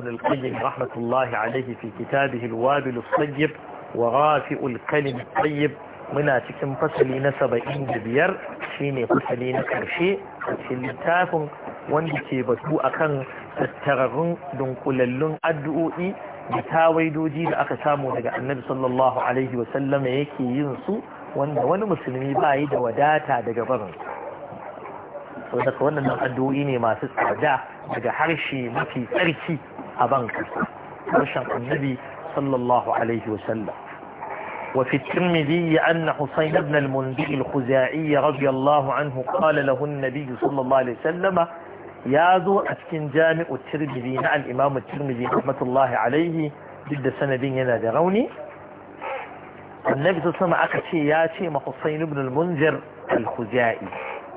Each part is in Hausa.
ابن القيم رحمة الله عليه في كتابه الوابل الطيب muna cikin fasali na saba'in da biyar shine fasali na ƙarshe a cikin littafin wanda ke batu akan tattararrun dunkulallun addu'o'i da tawaidoji da aka samu daga annabi sallallahu alaihi wasallam yake yin su wanda wani musulmi ba yi da wadata daga barin so daga wannan addu'o'i ne masu tsada daga harshe mafi tsarki a banka harshen annabi sallallahu alaihi wasallam وفي الترمذي أن حسين بن المنذر الخزاعي رضي الله عنه قال له النبي صلى الله عليه وسلم يا ذو أتكن جامع الترمذي نعم الإمام الترمذي رحمة الله عليه ضد سندين ينادروني النبي صلى الله عليه وسلم أكتي ياتي ما حسين بن المنذر الخزاعي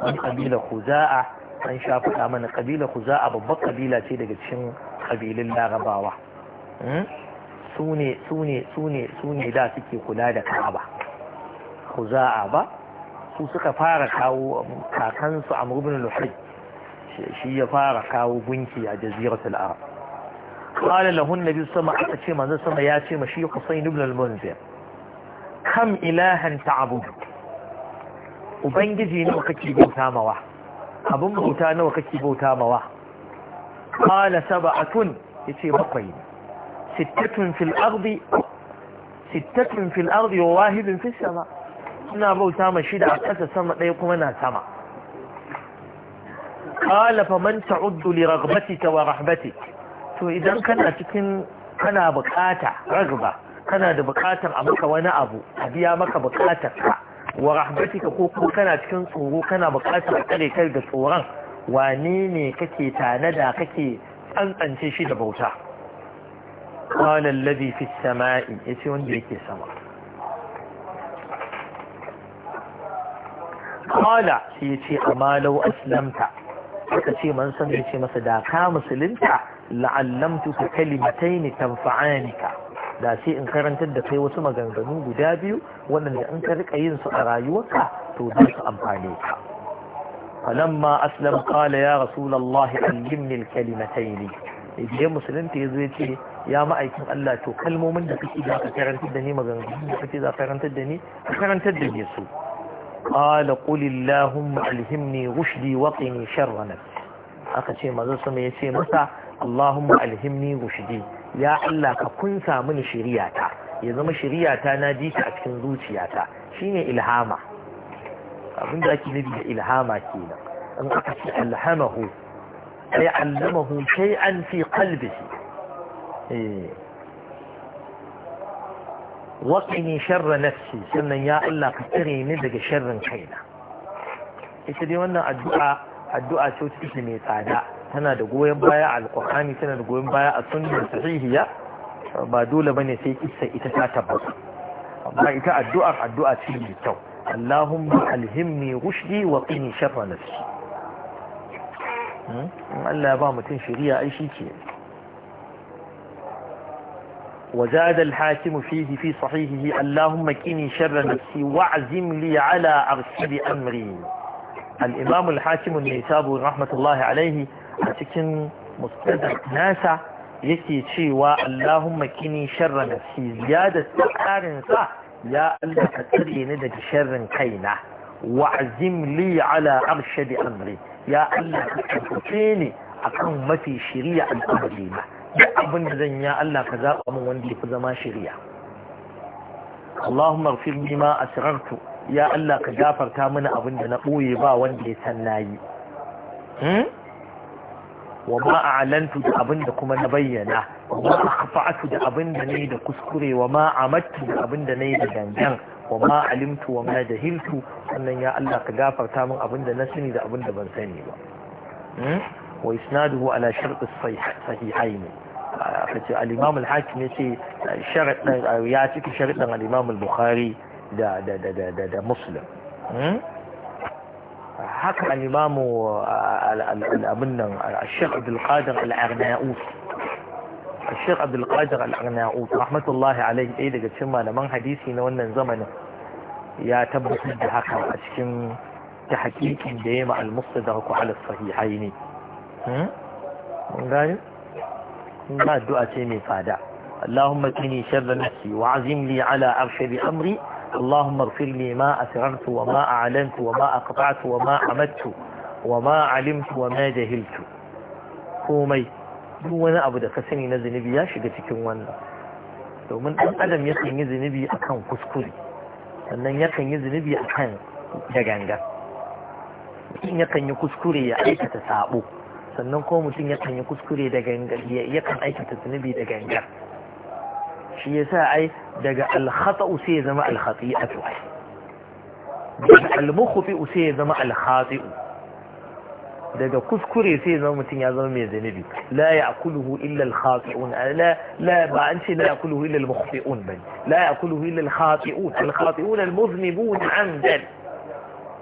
من قبيل خزاعة an sha faɗa mana ƙabila ku za a babbar ƙabila ce daga cikin ƙabilun larabawa hmm? su ne da suke kula da kaba ku za a ba su suka fara kawo um, kakansu a murbin lufai shi ya fara kawo gunki a jaziratul arab qala lahun na biyu sama aka ce manzan sama ya ce mashi Husayn ibn al-Munzir kam ilahan abu ubangiji ne kake bauta samawa? abin bauta nawa kake bauta mawa qala sab'atun yace bakwai ne sittatun fil ardi sittatun fil ardi wa wahidun fis sama ina bauta ma shida a ƙasa sama ɗaya kuma na sama qala faman ta'uddu li raghbatika wa rahbatik to idan kana cikin kana bukata ragba kana da bukatar a maka wani abu a biya maka bukatar ka wa rahbatika ko ko kana cikin tsoro kana buƙatar kare kai ga tsoron wane ne kake tanada kake tsantsance shi da bauta qala alladhi fi samai yace wanda yake sama qala shi yace amma law aslamta aka ce man san yace masa da ka musulunta la'allamtu kalimatayn tanfa'anika da sai in karantar da kai wasu maganganu guda biyu waɗanda in ka rika yin su a rayuwarka to za su amfane ka falamma aslam qala ya rasulullahi allimni alkalimatayn idan musulunta yazo yace ya ma'aikin Allah to kalmomin da kake za ka karantar da ni maganganu da ka karantar da ni ka da ni su qala qul allahumma alhimni rushdi wa qini sharra nafsi aka ce manzo sama ce masa allahumma alhimni rushdi ya Allah ka kunsa mini shiriyata ya zama shiriyata na ji ta a cikin zuciyata shine ilhama abin da ake nufi da ilhama kenan in aka ce alhamahu ay allamahu shay'an fi qalbihi eh waqini sharra nafsi sannan ya Allah ka tsare ni daga sharrin kaina ita dai wannan addu'a addu'a ce wacce mai tsada tana da goyon baya a alkur'ani tana da goyon baya a sunnah sahihiya ba dole bane sai kissa ita ta tabbata amma ita addu'ar addu'a ce mai kyau Allahumma alhimni rushdi wa qini sharra nafsi hmm Allah ya ba mutun shari'a ai shi ke وزاد الحاكم فيه في صحيحه اللهم كني شر نفسي واعزم لي على أرشد أمري الإمام الحاكم النيسابي رحمة الله عليه a cikin mustadrak nasa yake cewa Allahumma kini sharra nafsi ziyadat tsarin sa ya Allah ka tsare ni daga sharrin kaina wa azim li ala arshadi amri ya Allah ka tsaye ni akan mafi shiriya al'amari na duk abin da zan ya Allah ka zaɓa min wanda ya fi zama shiriya Allahumma ighfir li ma asrartu ya Allah ka gafarta mini abin da na ɓoye ba wanda ya san nayi hmm? wa ma a'lantu da abin da kuma na bayyana wa ma akhfa'tu da abin da nayi da kuskure wa ma amattu da abin da nayi da dangan wa ma alimtu wa ma jahiltu wannan ya Allah ka gafarta min abin da na sani da abin da ban sani ba hmm? wa isnaduhu ala shart as-sahihayn al-imam al-hakim yace shart ya cika shartan al-imam al-bukhari da da da da muslim hmm? haka al'imamu uh, abin nan al-sheikh abdulkadir al'arna'u a sheikh abdulkadir al'arna'u rahmatullahi alaihi ɗaya daga cikin malaman hadisi na wannan zamanin ya tabbatar da haka a cikin ta hakikin da ya ma al-mustadrak ala sahihaini hmm? mun gani ba addu'a ce mai fada اللهم اكفني شر نفسي وعزم لي على أرشد اللهم اغفر لي ما أسررت وما أعلنت وما أقطعت وما أمدت وما علمت وما جهلت كومي duk wani abu da ka ياشي na وانا لو من أدم wannan domin ɗan adam yakan yi zunubi akan kuskure sannan yakan yi zunubi akan yi kuskure ya aikata sabo sannan kuma mutum ya kan yi kuskure da ganga kan aikata zunubi da ganga shi yasa ai daga al-khata'u sai ya zama al-khati'atu ai daga al-mukhti'u sai ya zama al-khati'u daga kuskure sai ya zama mutum ya zama mai zanibi la ya'kuluhu illa al-khati'un la la ba an ce la ya'kuluhu illa al-mukhti'un bane la ya'kuluhu illa al-khati'un al-khati'un al-muznibun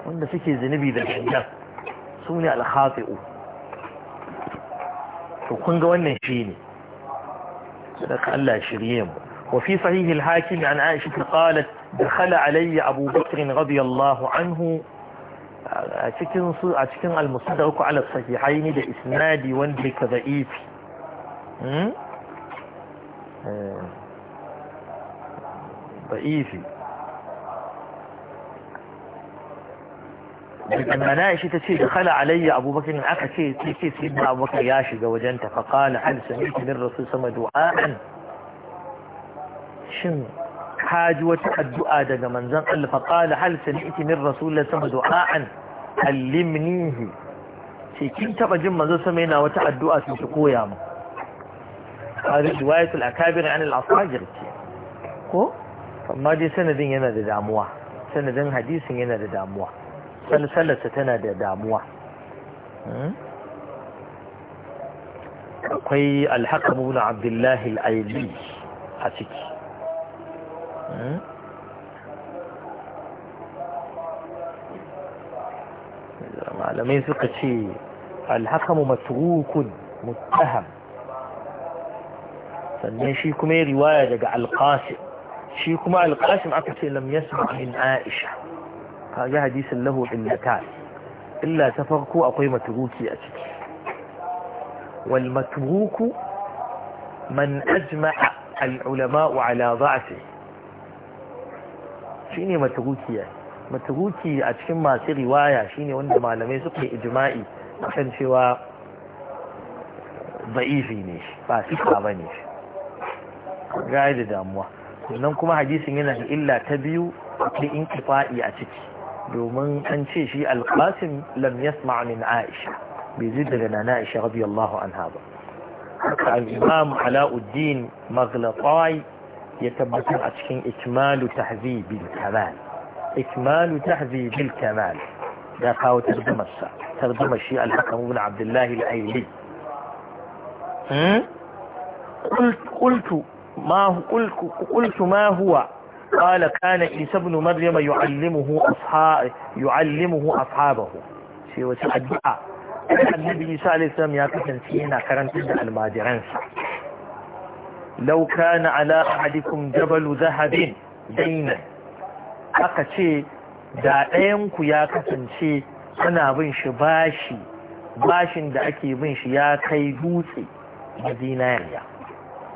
wanda suke zanibi da hanyar sune al-khati'u to kun ga wannan shi ne sadaka Allah shirye mu وفي صحيح الحاكم عن عائشة قالت دخل علي أبو بكر رضي الله عنه أتكن المصدرك على الصحيحين بإسناد وندلك ضعيف أه. ضعيف لما نائشة تشي دخل علي أبو بكر أكا شيء سيدنا أبو بكر ياشق وجنت فقال هل سمعت من الرسول صلى الله عليه وسلم دعاء shin kaji wata addu'a daga manzan Allah fa qala hal min rasulillahi sallallahu alaihi ce kin taɓa jin manzan sama yana wata addu'a to ki koya mu ko amma dai sanadin yana da damuwa sanadin hadisin yana da damuwa salsalarsa tana da damuwa hmm? akwai alhaka na abdullahi al'aili a ciki Eh? malamai suka ce alhakamu matrukun muttaham sannan shi kuma ya riwaya daga alqasim shi kuma alkashin aka ce lam yasma min aisha kaga hadisin lahu illata illa ta farko akwai matruki a ciki wal matruku man ajma'a al ulama ala dha'fihi shine matrukiya a cikin masu riwaya shine wanda malamai suka yi ijma'i akan cewa baifi ne shi ba ba ne shi gaya da damuwa sannan kuma hadisin yana da illa ta biyu da inkifa'i a ciki domin an ce shi alqasim lam yasma' min aisha bai ji daga nana aisha radiyallahu anha ba haka al-imam alauddin maghlatai ya tabbatar a cikin ikmalu tahzibil kamal ikmalu tahzibil kamal da kawo tarjumar sa tarjumar shi al-hakam ibn abdullah al-aili قلت ما هو قلت قلت ما هو قال كان عيسى ابن مريم يعلمه أصحاب يعلمه أصحابه شيء وتعدى النبي عيسى عليه السلام يا كفن سينا كرنت المادرنسا لو jabalu zahabin, أحدكم جبل ce, دينا أكتشي ya kasance suna bin shi bashi, bashin da ake bin shi ya kai dutse na zinariya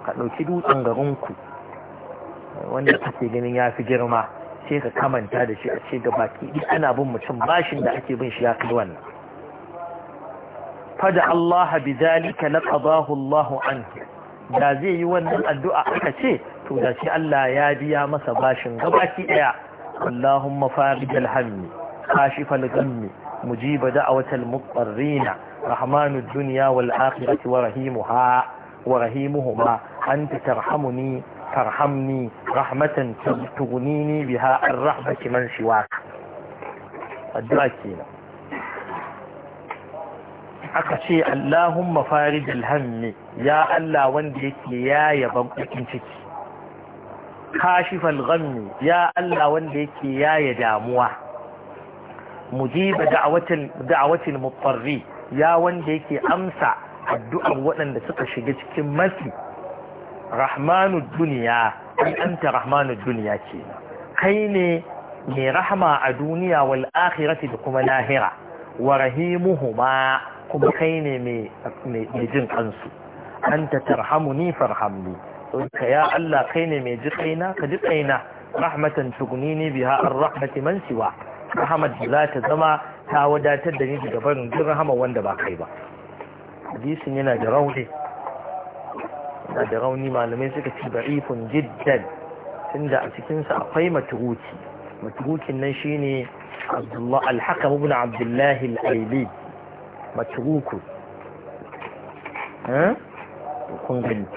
ka ɗauki dutsen garinku wanda kake ganin ya fi girma sai ka kamanta da shi a ce ga baki ana bin mutum bashin da ake bin shi ya kai wannan fada Allah bi zalika laqadahu Allah anhu da zai yi wannan addu'a aka ce to da shi Allah ya biya masa bashin gabaki daya Allahumma farij alhammi kashif alghammi mujib da'wat almuqarrin rahmanu dunya wal akhirati wa rahimuha wa rahimuhuma anta tarhamuni tarhamni rahmatan tughnini biha ar man siwak addu'a kenan aka ce Allahumma farij alhammi ya Allah wanda yake yaya bakin ciki kashifal ghammi ya Allah wanda yake yaya damuwa mujiba da'awatil da'awatil mutarri ya wanda yake amsa addu'ar waɗanda suka shiga cikin mafi rahmanu duniya ai anta rahmanu duniya kenan kai ne mai rahama a duniya wal akhirati da kuma lahira wa ma. kuma kai ne mai jin kansu an ta tarhamu ni farhamni ka ya Allah kai ne mai ji ka ji rahmatan tuguni ne biha an rahmati man siwa rahmat za ta zama ta wadatar da ni daga barin duk rahama wanda ba kai ba hadisin yana da rauni yana da rauni malamai suka ci da'ifun jiddan tunda a cikinsa akwai matuguci matugucin nan shine Abdullah al-Hakam ibn al-Aili matruku kun gani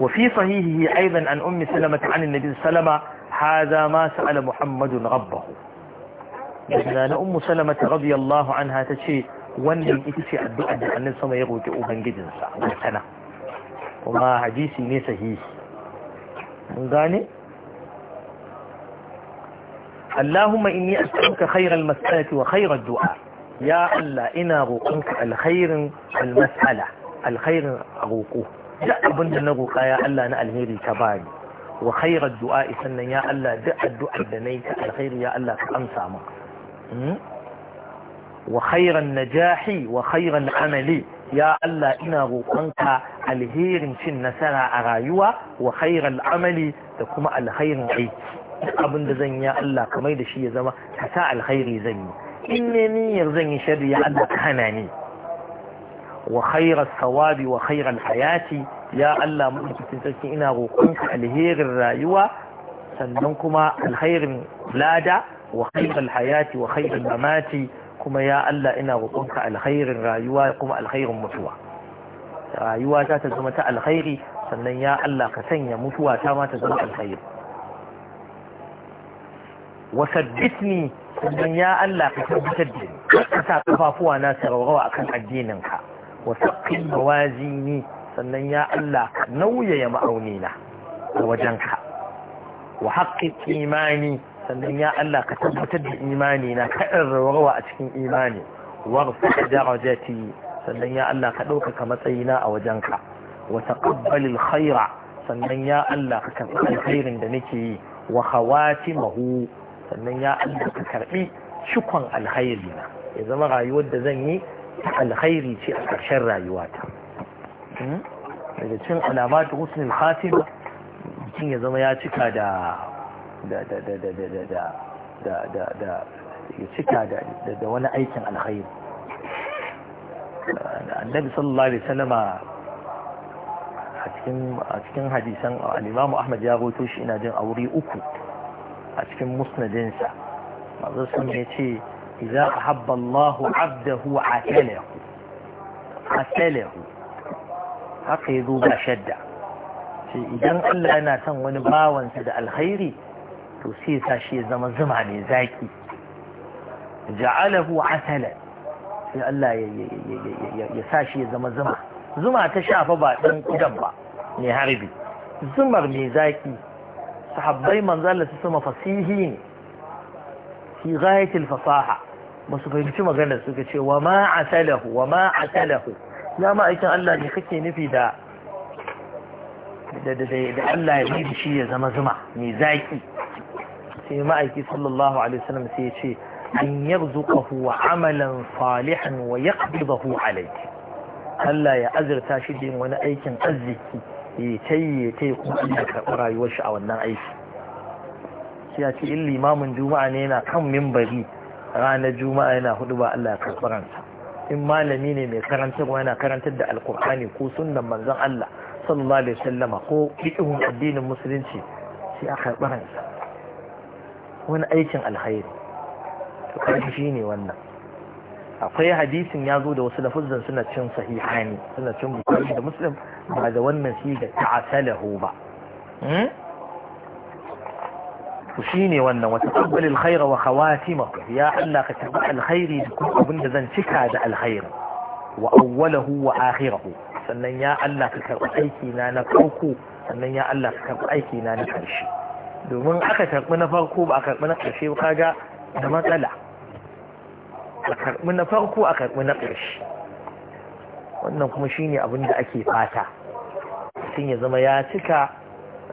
wa fi sahihihi aidan an ummi salama an annabi sallama hadha ma sa'ala muhammadun rabbahu daga na ummu salama radiyallahu anha tace wannan ita ce addu'ar da annabi sama ya roki ubangijinsa sana kuma hadisi ne sahihi mun gane اللهم إني أسألك خير المسألة وخير الدعاء ya Allah ina roƙonka alkhairin almas'ala alkhairin roƙo duk abin da na roƙa ya Allah na alheri ka bani wa khairar du'a sannan ya Allah duk addu'ar da na yi alkhairi ya Allah ka amsa min hmm? wa khairan najahi wa khairan amali ya Allah ina roƙonka alherin cin nasara a rayuwa wa khairan amali da kuma alkhairin aiki duk abin da zan yi ya Allah kamar da shi ya zama ka sa alkhairi zan yi in ne niyyar zan yi shari ya Allah ka hana ni wa khairar sawabi wa khairar hayati ya Allah sarki ina roƙonka alherin rayuwa sannan kuma alherin lada wa khairar hayati wa khairar mamati kuma ya Allah ina roƙonka alherin rayuwa kuma alherin mutuwa rayuwa ta ta zama ta alkhairi sannan ya Allah ka sanya mutuwa ta ma ta zama alkhairi wasadditni sannan ya Allah ka tabbatar da ni ka sa kafafuwa na sararwa akan addinin ka wa saqqil mawazini sannan ya Allah ka nauyaya ma'aunina a wajenka wa haqqi imani sannan ya Allah ka tabbatar da imani na ka rawarwa a cikin imani warfa darajati sannan ya Allah ka ɗaukaka matsayina a wajenka wa taqabbalil khaira sannan ya Allah ka karɓi alkhairin da nake yi wa khawatimahu sannan ya Allah ka karbi shukon alkhairi na ya zama rayuwar da zan yi ta alkhairi ce a ƙarshen rayuwata daga cin alamatu husnul khatima bikin ya zama ya cika da da da da da da da da da da ya cika da da wani aikin alkhairi annabi sallallahu alaihi wasallama a cikin hadisan al-imamu ahmad ya rawaito shi ina jin aure uku a cikin musnadinsa manzo sun ya ce idza habba Allahu 'abdahu atalahu atalahu haka yazo ba shadda sai idan Allah yana son wani bawansa da alkhairi to sai sa shi ya zama zuma ne zaki ja'alahu atalan sai Allah ya sa shi ya zama zuma zuma ta shafa ba ɗan ƙudan ba ne harbi zumar mai zaki sahabbai manzala su sama fasihi ne fi ghayatil fasaha ba su fahimci maganar suka ce wa ma atalahu wa ma atalahu ya ma'aikin Allah ne kake nufi da da Allah ya bi shi ya zama zuma mai zaki sai ma'aiki sallallahu alaihi wasallam sai ya ce an yarzuqahu amalan salihan wa yaqbidahu alayki Allah ya azurta shi da wani aikin arziki ya eh, ta yi ta yi kuma Allah karɓi rayuwar shi a wannan aiki shi ya ce in limamin juma'a ne yana kan mimbari ranar juma'a yana hudu ba Allah karɓi ransa in malami ne mai karantarwa yana karantar da alkur'ani ko sunnan manzon Allah sallallahu alaihi wasallama ko fiqhun addinin musulunci sai a karɓi ransa wani aikin alkhairi to shi ne wannan akwai hadisin ya zo da wasu lafuzzan suna cin sahihani suna cin bukari da muslim ba da wannan hmm? shi siga ta'asalahu ba ku ne wannan wata tabbal alkhaira wa khawatimahu ya Allah ka tabba alkhairi da kuma abin da zan cika da alkhairi wa awwalahu wa akhirahu sannan ya Allah ka karɓi aiki na na farko sannan ya Allah ka karɓi aiki na na karshe domin aka karɓi na farko ba a karɓi na karshe ba kaga da matsala a karbi na farko a karbi na ƙarshe wannan kuma shine abin da ake fata mutum ya zama ya cika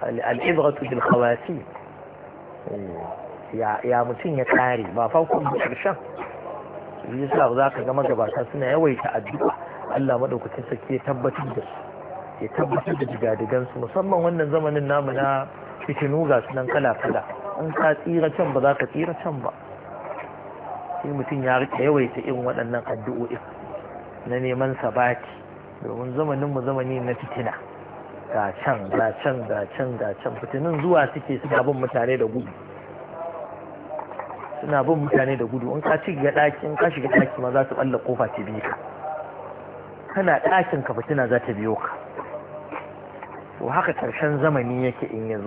al'ibratu bil khawasi ya mutum ya kare ba farkon da ƙarshen Yasa za ka gama gabata suna yawaita addu'a Allah maɗaukacin sarki ya tabbatar da su ya tabbatar da digadigan su musamman wannan zamanin namu na fitinu ga sunan kala kala an ka tsira can ba za ka tsira can ba sai mutum ya rike yawaita irin waɗannan addu'o'in na neman sabati domin zamanin mu zamani na fitina ga can ga can ga can ga can fitinin zuwa suke suna bin mutane da gudu suna bin mutane da gudu in ka shiga ɗaki in ka shiga ɗaki ma za su ɓalla kofa ta biyu ka kana ɗakin ka fitina za ta biyo ka to haka ƙarshen zamani yake in ya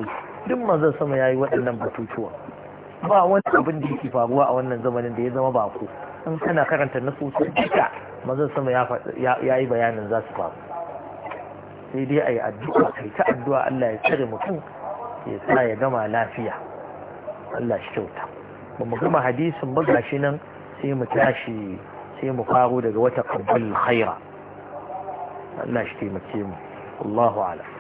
duk manzon sama ya yi waɗannan batutuwa ba wani abin da yake faruwa a wannan zamanin da ya zama ba ku in kana karanta nasosin duka mazan sama ya yi bayanin za su faru sai dai a yi addu'a kai ta addu'a Allah ya tsare mutum ya sa ya gama lafiya Allah shi kyauta ba mu gama hadisin ba gashi nan sai mu tashi sai mu faro daga wata qabbal khaira Allah shi taimake mu Allahu a'lam